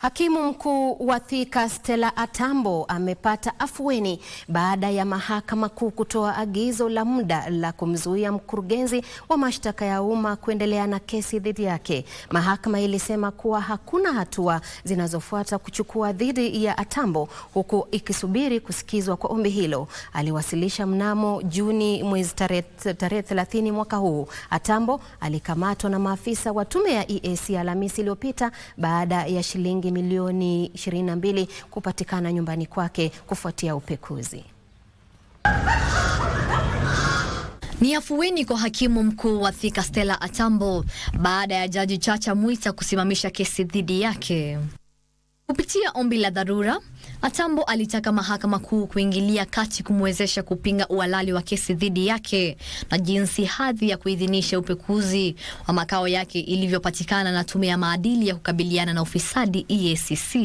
Hakimu mkuu wa Thika Stella Atambo amepata afueni baada ya mahakama kuu kutoa agizo la muda la kumzuia mkurugenzi wa mashtaka ya umma kuendelea na kesi dhidi yake. Mahakama ilisema kuwa hakuna hatua zinazofuata kuchukua dhidi ya Atambo huku ikisubiri kusikizwa kwa ombi hilo. Aliwasilisha mnamo Juni mwezi tarehe 30 mwaka huu. Atambo alikamatwa na maafisa wa tume ya EAC Alhamisi iliyopita baada ya shilingi shilingi milioni 22 kupatikana nyumbani kwake kufuatia upekuzi. Ni afueni kwa hakimu mkuu wa Thika Stella Atambo baada ya Jaji Chacha Mwita kusimamisha kesi dhidi yake kupitia ombi la dharura. Atambo alitaka mahakama kuu kuingilia kati kumwezesha kupinga uhalali wa kesi dhidi yake na jinsi hadhi ya kuidhinisha upekuzi wa makao yake ilivyopatikana na tume ya maadili ya kukabiliana na ufisadi EACC.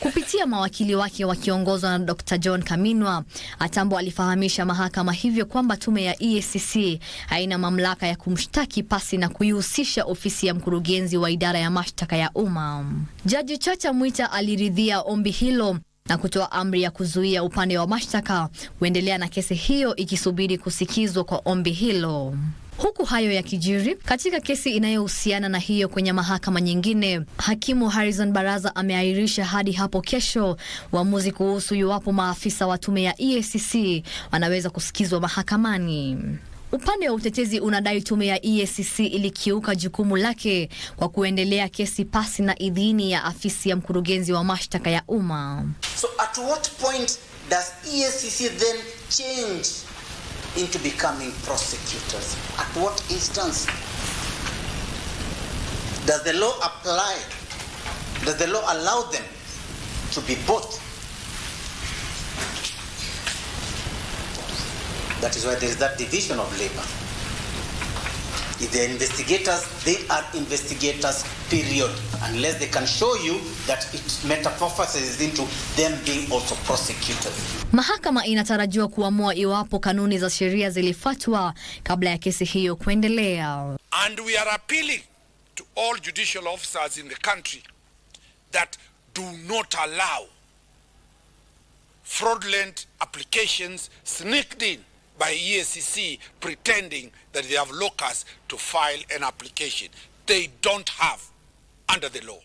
Kupitia mawakili wake wakiongozwa na Dr. John Kaminwa, Atambo alifahamisha mahakama hivyo kwamba tume ya EACC haina mamlaka ya kumshtaki pasi na kuihusisha ofisi ya mkurugenzi wa idara ya mashtaka ya umma. Jaji Chacha Mwita aliridhia ombi hilo na kutoa amri ya kuzuia upande wa mashtaka kuendelea na kesi hiyo ikisubiri kusikizwa kwa ombi hilo. Huku hayo ya kijiri katika kesi inayohusiana na hiyo kwenye mahakama nyingine, hakimu Harrison Baraza ameahirisha hadi hapo kesho uamuzi kuhusu iwapo maafisa wa tume ya EACC wanaweza kusikizwa mahakamani. Upande wa utetezi unadai tume ya EACC ilikiuka jukumu lake kwa kuendelea kesi pasi na idhini ya afisi ya mkurugenzi wa mashtaka ya umma. So at what point does EACC then change into becoming prosecutors? At what instance? Does the law apply? Does the law allow them to be both? That is why there is that division of labor. If they are investigators, they are investigators, period. Unless they can show you that it metamorphoses into them being also prosecutors. Mahakama inatarajiwa kuamua iwapo kanuni za sheria zilifuatwa kabla ya kesi hiyo kuendelea. And we are appealing to all judicial officers in the country that do not allow fraudulent applications sneaked in by EACC pretending that they have locus to file an application they don't have under the law.